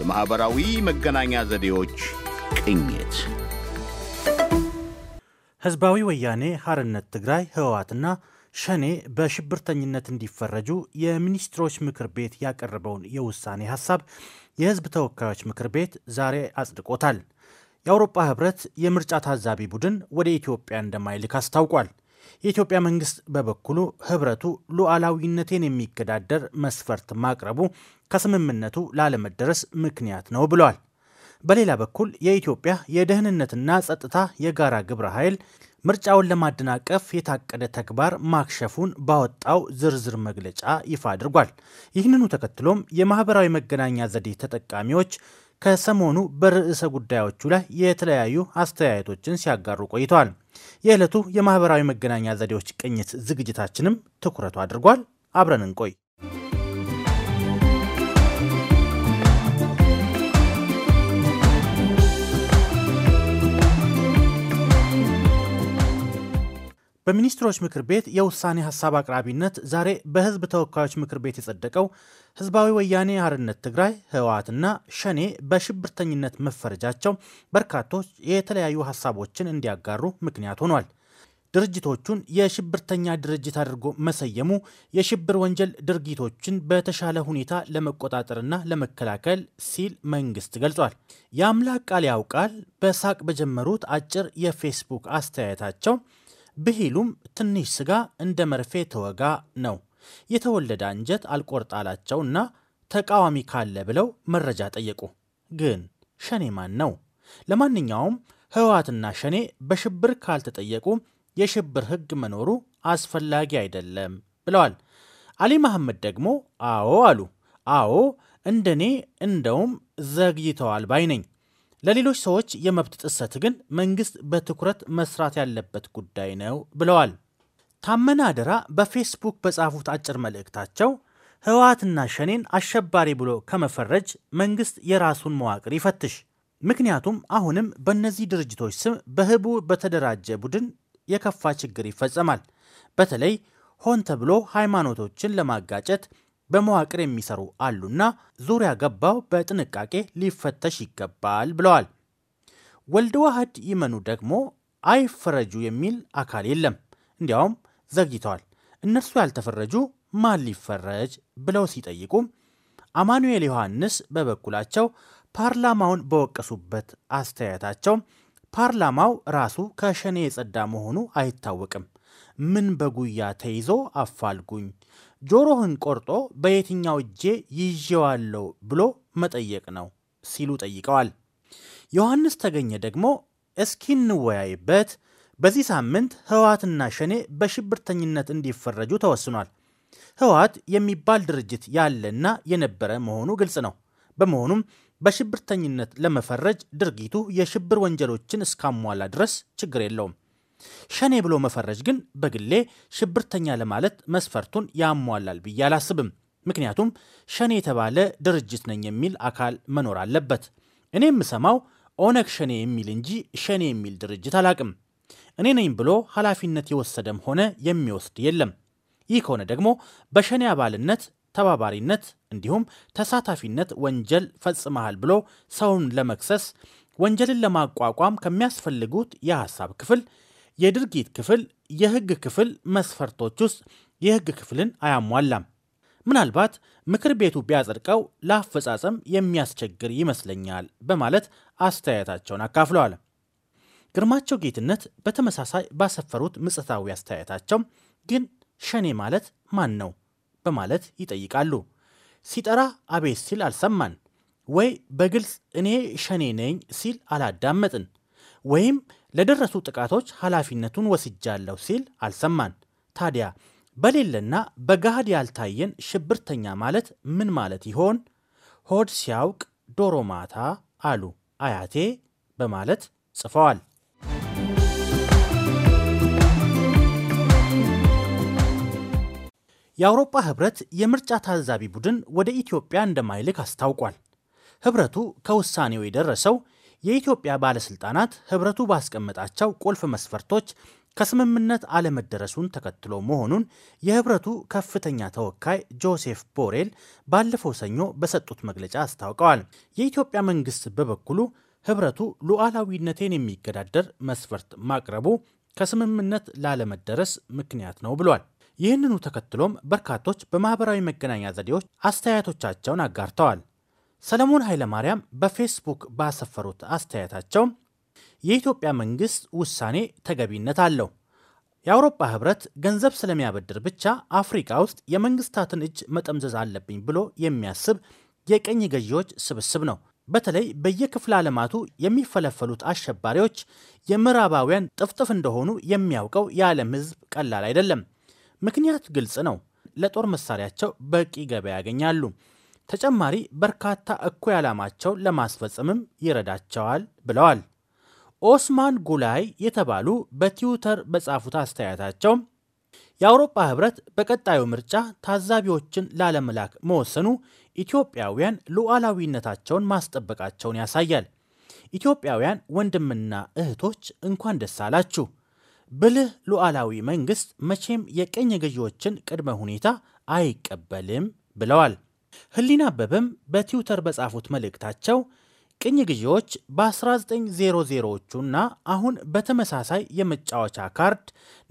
የማኅበራዊ መገናኛ ዘዴዎች ቅኝት ሕዝባዊ ወያኔ ሐርነት ትግራይ ህወሓትና ሸኔ በሽብርተኝነት እንዲፈረጁ የሚኒስትሮች ምክር ቤት ያቀረበውን የውሳኔ ሐሳብ የሕዝብ ተወካዮች ምክር ቤት ዛሬ አጽድቆታል። የአውሮፓ ኅብረት የምርጫ ታዛቢ ቡድን ወደ ኢትዮጵያ እንደማይልክ አስታውቋል። የኢትዮጵያ መንግስት በበኩሉ ህብረቱ ሉዓላዊነቴን የሚገዳደር መስፈርት ማቅረቡ ከስምምነቱ ላለመደረስ ምክንያት ነው ብለዋል። በሌላ በኩል የኢትዮጵያ የደህንነትና ጸጥታ የጋራ ግብረ ኃይል ምርጫውን ለማደናቀፍ የታቀደ ተግባር ማክሸፉን ባወጣው ዝርዝር መግለጫ ይፋ አድርጓል። ይህንኑ ተከትሎም የማህበራዊ መገናኛ ዘዴ ተጠቃሚዎች ከሰሞኑ በርዕሰ ጉዳዮቹ ላይ የተለያዩ አስተያየቶችን ሲያጋሩ ቆይተዋል። የዕለቱ የማኅበራዊ መገናኛ ዘዴዎች ቅኝት ዝግጅታችንም ትኩረቱ አድርጓል። አብረን እንቆይ። በሚኒስትሮች ምክር ቤት የውሳኔ ሀሳብ አቅራቢነት ዛሬ በህዝብ ተወካዮች ምክር ቤት የጸደቀው ህዝባዊ ወያኔ አርነት ትግራይ ህወሓትና ሸኔ በሽብርተኝነት መፈረጃቸው በርካቶች የተለያዩ ሀሳቦችን እንዲያጋሩ ምክንያት ሆኗል። ድርጅቶቹን የሽብርተኛ ድርጅት አድርጎ መሰየሙ የሽብር ወንጀል ድርጊቶችን በተሻለ ሁኔታ ለመቆጣጠርና ለመከላከል ሲል መንግስት ገልጿል። የአምላክ ቃል ያውቃል በሳቅ በጀመሩት አጭር የፌስቡክ አስተያየታቸው ብሂሉም ትንሽ ስጋ እንደ መርፌ ተወጋ ነው። የተወለደ አንጀት አልቆርጣላቸውና ተቃዋሚ ካለ ብለው መረጃ ጠየቁ። ግን ሸኔ ማን ነው? ለማንኛውም ህወሓትና ሸኔ በሽብር ካልተጠየቁ የሽብር ህግ መኖሩ አስፈላጊ አይደለም ብለዋል። አሊ መሐመድ ደግሞ አዎ አሉ። አዎ እንደኔ እንደውም ዘግይተዋል ባይ ነኝ። ለሌሎች ሰዎች የመብት ጥሰት ግን መንግስት በትኩረት መስራት ያለበት ጉዳይ ነው ብለዋል። ታመነ አደራ በፌስቡክ በጻፉት አጭር መልእክታቸው ህወሓትና ሸኔን አሸባሪ ብሎ ከመፈረጅ መንግስት የራሱን መዋቅር ይፈትሽ። ምክንያቱም አሁንም በእነዚህ ድርጅቶች ስም በህቡ በተደራጀ ቡድን የከፋ ችግር ይፈጸማል። በተለይ ሆን ተብሎ ሃይማኖቶችን ለማጋጨት በመዋቅር የሚሰሩ አሉና ዙሪያ ገባው በጥንቃቄ ሊፈተሽ ይገባል ብለዋል። ወልድ ዋህድ ይመኑ ደግሞ አይፈረጁ የሚል አካል የለም፣ እንዲያውም ዘግይተዋል። እነርሱ ያልተፈረጁ ማን ሊፈረጅ ብለው ሲጠይቁም አማኑኤል ዮሐንስ በበኩላቸው ፓርላማውን በወቀሱበት አስተያየታቸው ፓርላማው ራሱ ከሸኔ የጸዳ መሆኑ አይታወቅም ምን በጉያ ተይዞ አፋልጉኝ፣ ጆሮህን ቆርጦ በየትኛው እጄ ይዤዋለሁ ብሎ መጠየቅ ነው ሲሉ ጠይቀዋል። ዮሐንስ ተገኘ ደግሞ እስኪ እንወያይበት፣ በዚህ ሳምንት ህወሓትና ሸኔ በሽብርተኝነት እንዲፈረጁ ተወስኗል። ህወሓት የሚባል ድርጅት ያለና የነበረ መሆኑ ግልጽ ነው። በመሆኑም በሽብርተኝነት ለመፈረጅ ድርጊቱ የሽብር ወንጀሎችን እስካሟላ ድረስ ችግር የለውም። ሸኔ ብሎ መፈረጅ ግን በግሌ ሽብርተኛ ለማለት መስፈርቱን ያሟላል ብዬ አላስብም። ምክንያቱም ሸኔ የተባለ ድርጅት ነኝ የሚል አካል መኖር አለበት። እኔ የምሰማው ኦነግ ሸኔ የሚል እንጂ ሸኔ የሚል ድርጅት አላቅም። እኔ ነኝ ብሎ ኃላፊነት የወሰደም ሆነ የሚወስድ የለም። ይህ ከሆነ ደግሞ በሸኔ አባልነት፣ ተባባሪነት እንዲሁም ተሳታፊነት ወንጀል ፈጽመሃል ብሎ ሰውን ለመክሰስ ወንጀልን ለማቋቋም ከሚያስፈልጉት የሐሳብ ክፍል የድርጊት ክፍል የህግ ክፍል መስፈርቶች ውስጥ የህግ ክፍልን አያሟላም። ምናልባት ምክር ቤቱ ቢያጸድቀው ለአፈጻጸም የሚያስቸግር ይመስለኛል በማለት አስተያየታቸውን አካፍለዋል። ግርማቸው ጌትነት በተመሳሳይ ባሰፈሩት ምጽታዊ አስተያየታቸው ግን ሸኔ ማለት ማን ነው በማለት ይጠይቃሉ። ሲጠራ አቤት ሲል አልሰማን ወይ በግልጽ እኔ ሸኔ ነኝ ሲል አላዳመጥን ወይም ለደረሱ ጥቃቶች ኃላፊነቱን ወስጃለሁ ሲል አልሰማን። ታዲያ በሌለና በገሃድ ያልታየን ሽብርተኛ ማለት ምን ማለት ይሆን? ሆድ ሲያውቅ ዶሮ ማታ አሉ አያቴ በማለት ጽፈዋል። የአውሮፓ ህብረት የምርጫ ታዛቢ ቡድን ወደ ኢትዮጵያ እንደማይልክ አስታውቋል። ህብረቱ ከውሳኔው የደረሰው የኢትዮጵያ ባለስልጣናት ህብረቱ ባስቀመጣቸው ቁልፍ መስፈርቶች ከስምምነት አለመደረሱን ተከትሎ መሆኑን የህብረቱ ከፍተኛ ተወካይ ጆሴፍ ቦሬል ባለፈው ሰኞ በሰጡት መግለጫ አስታውቀዋል። የኢትዮጵያ መንግስት በበኩሉ ህብረቱ ሉዓላዊነቴን የሚገዳደር መስፈርት ማቅረቡ ከስምምነት ላለመደረስ ምክንያት ነው ብሏል። ይህንኑ ተከትሎም በርካቶች በማህበራዊ መገናኛ ዘዴዎች አስተያየቶቻቸውን አጋርተዋል። ሰለሞን ኃይለማርያም በፌስቡክ ባሰፈሩት አስተያየታቸው የኢትዮጵያ መንግስት ውሳኔ ተገቢነት አለው። የአውሮፓ ህብረት ገንዘብ ስለሚያበድር ብቻ አፍሪካ ውስጥ የመንግስታትን እጅ መጠምዘዝ አለብኝ ብሎ የሚያስብ የቀኝ ገዢዎች ስብስብ ነው። በተለይ በየክፍለ ዓለማቱ የሚፈለፈሉት አሸባሪዎች የምዕራባውያን ጥፍጥፍ እንደሆኑ የሚያውቀው የዓለም ህዝብ ቀላል አይደለም። ምክንያት ግልጽ ነው። ለጦር መሳሪያቸው በቂ ገበያ ያገኛሉ። ተጨማሪ በርካታ እኩይ ዓላማቸውን ለማስፈጸምም ይረዳቸዋል ብለዋል። ኦስማን ጉላይ የተባሉ በትዊተር በጻፉት አስተያየታቸው የአውሮፓ ህብረት በቀጣዩ ምርጫ ታዛቢዎችን ላለመላክ መወሰኑ ኢትዮጵያውያን ሉዓላዊነታቸውን ማስጠበቃቸውን ያሳያል። ኢትዮጵያውያን ወንድምና እህቶች እንኳን ደስ አላችሁ። ብልህ ሉዓላዊ መንግስት መቼም የቀኝ ገዢዎችን ቅድመ ሁኔታ አይቀበልም ብለዋል። ህሊና አበበም በትዊተር በጻፉት መልእክታቸው ቅኝ ግዢዎች በ1900ዎቹና አሁን በተመሳሳይ የመጫወቻ ካርድ፣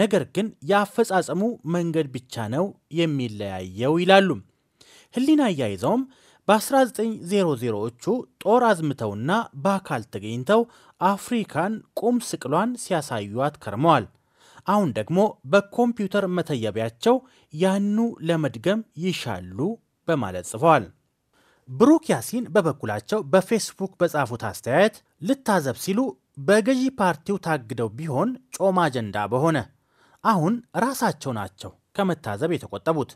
ነገር ግን የአፈጻጸሙ መንገድ ብቻ ነው የሚለያየው ይላሉ። ህሊና አያይዘውም በ1900ዎቹ ጦር አዝምተውና በአካል ተገኝተው አፍሪካን ቁም ስቅሏን ሲያሳዩት ከርመዋል። አሁን ደግሞ በኮምፒውተር መተየቢያቸው ያኑ ለመድገም ይሻሉ በማለት ጽፏል። ብሩክ ያሲን በበኩላቸው በፌስቡክ በጻፉት አስተያየት ልታዘብ ሲሉ በገዢ ፓርቲው ታግደው ቢሆን ጮማ አጀንዳ በሆነ አሁን ራሳቸው ናቸው ከመታዘብ የተቆጠቡት።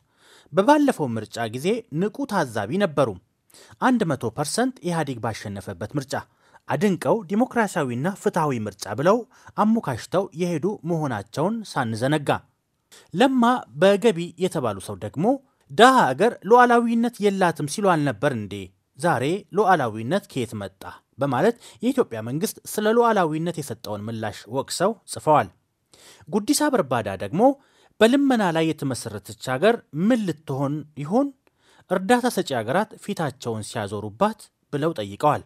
በባለፈው ምርጫ ጊዜ ንቁ ታዛቢ ነበሩ። 100 ፐርሰንት ኢህአዴግ ባሸነፈበት ምርጫ አድንቀው ዲሞክራሲያዊና ፍትሐዊ ምርጫ ብለው አሞካሽተው የሄዱ መሆናቸውን ሳንዘነጋ ለማ በገቢ የተባሉ ሰው ደግሞ ድሀ ሀገር ሉዓላዊነት የላትም ሲሉ አልነበር እንዴ? ዛሬ ሉዓላዊነት ከየት መጣ? በማለት የኢትዮጵያ መንግስት ስለ ሉዓላዊነት የሰጠውን ምላሽ ወቅሰው ጽፈዋል። ጉዲሳ በርባዳ ደግሞ በልመና ላይ የተመሰረተች ሀገር ምን ልትሆን ይሆን? እርዳታ ሰጪ ሀገራት ፊታቸውን ሲያዞሩባት ብለው ጠይቀዋል።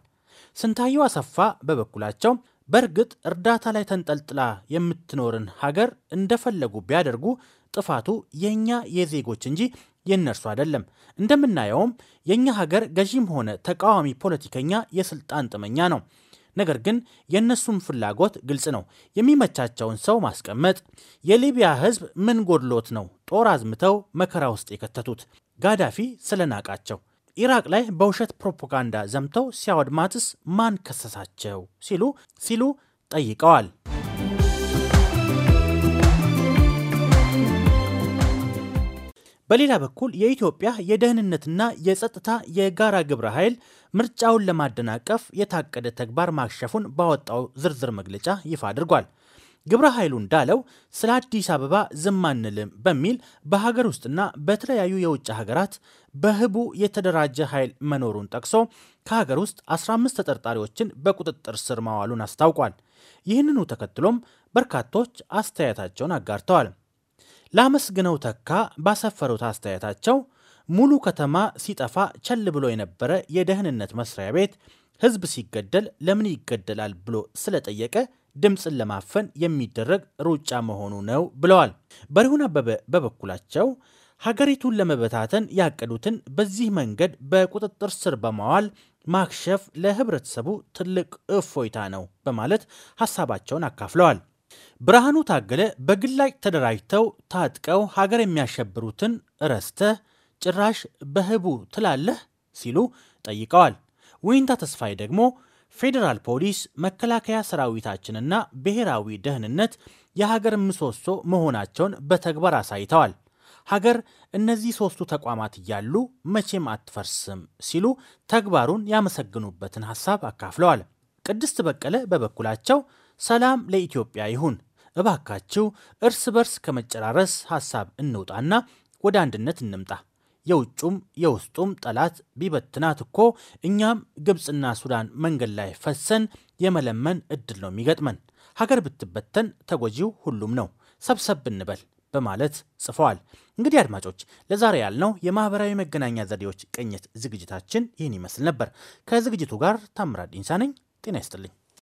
ስንታየው አሰፋ በበኩላቸው በእርግጥ እርዳታ ላይ ተንጠልጥላ የምትኖርን ሀገር እንደፈለጉ ቢያደርጉ ጥፋቱ የእኛ የዜጎች እንጂ የእነርሱ አይደለም። እንደምናየውም የእኛ ሀገር ገዢም ሆነ ተቃዋሚ ፖለቲከኛ የስልጣን ጥመኛ ነው። ነገር ግን የእነሱም ፍላጎት ግልጽ ነው። የሚመቻቸውን ሰው ማስቀመጥ። የሊቢያ ሕዝብ ምን ጎድሎት ነው ጦር አዝምተው መከራ ውስጥ የከተቱት? ጋዳፊ ስለናቃቸው። ኢራቅ ላይ በውሸት ፕሮፓጋንዳ ዘምተው ሲያወድማትስ ማን ከሰሳቸው? ሲሉ ሲሉ ጠይቀዋል። በሌላ በኩል የኢትዮጵያ የደህንነትና የጸጥታ የጋራ ግብረ ኃይል ምርጫውን ለማደናቀፍ የታቀደ ተግባር ማክሸፉን ባወጣው ዝርዝር መግለጫ ይፋ አድርጓል። ግብረ ኃይሉ እንዳለው ስለ አዲስ አበባ ዝም አንልም በሚል በሀገር ውስጥና በተለያዩ የውጭ ሀገራት በህቡ የተደራጀ ኃይል መኖሩን ጠቅሶ ከሀገር ውስጥ 15 ተጠርጣሪዎችን በቁጥጥር ስር ማዋሉን አስታውቋል። ይህንኑ ተከትሎም በርካቶች አስተያየታቸውን አጋርተዋል። ላመስግነው ተካ ባሰፈሩት አስተያየታቸው ሙሉ ከተማ ሲጠፋ ቸል ብሎ የነበረ የደህንነት መስሪያ ቤት ህዝብ ሲገደል ለምን ይገደላል ብሎ ስለጠየቀ ድምፅን ለማፈን የሚደረግ ሩጫ መሆኑ ነው ብለዋል። በሪሁን አበበ በበኩላቸው ሀገሪቱን ለመበታተን ያቀዱትን በዚህ መንገድ በቁጥጥር ስር በማዋል ማክሸፍ ለህብረተሰቡ ትልቅ እፎይታ ነው በማለት ሀሳባቸውን አካፍለዋል። ብርሃኑ ታገለ በግላጭ ተደራጅተው ታጥቀው ሀገር የሚያሸብሩትን ረስተህ ጭራሽ በህቡ ትላለህ ሲሉ ጠይቀዋል። ውይንታ ተስፋዬ ደግሞ ፌዴራል ፖሊስ፣ መከላከያ ሰራዊታችንና ብሔራዊ ደህንነት የሀገር ምሰሶ መሆናቸውን በተግባር አሳይተዋል። ሀገር እነዚህ ሶስቱ ተቋማት እያሉ መቼም አትፈርስም ሲሉ ተግባሩን ያመሰግኑበትን ሀሳብ አካፍለዋል። ቅድስት በቀለ በበኩላቸው ሰላም ለኢትዮጵያ ይሁን። እባካችሁ እርስ በርስ ከመጨራረስ ሐሳብ እንውጣና ወደ አንድነት እንምጣ። የውጩም የውስጡም ጠላት ቢበትናት እኮ እኛም ግብፅና ሱዳን መንገድ ላይ ፈሰን የመለመን እድል ነው የሚገጥመን። ሀገር ብትበተን ተጎጂው ሁሉም ነው። ሰብሰብ እንበል በማለት ጽፈዋል። እንግዲህ አድማጮች ለዛሬ ያልነው የማህበራዊ መገናኛ ዘዴዎች ቅኝት ዝግጅታችን ይህን ይመስል ነበር። ከዝግጅቱ ጋር ታምራት ዲንሳ ነኝ። ጤና ይስጥልኝ።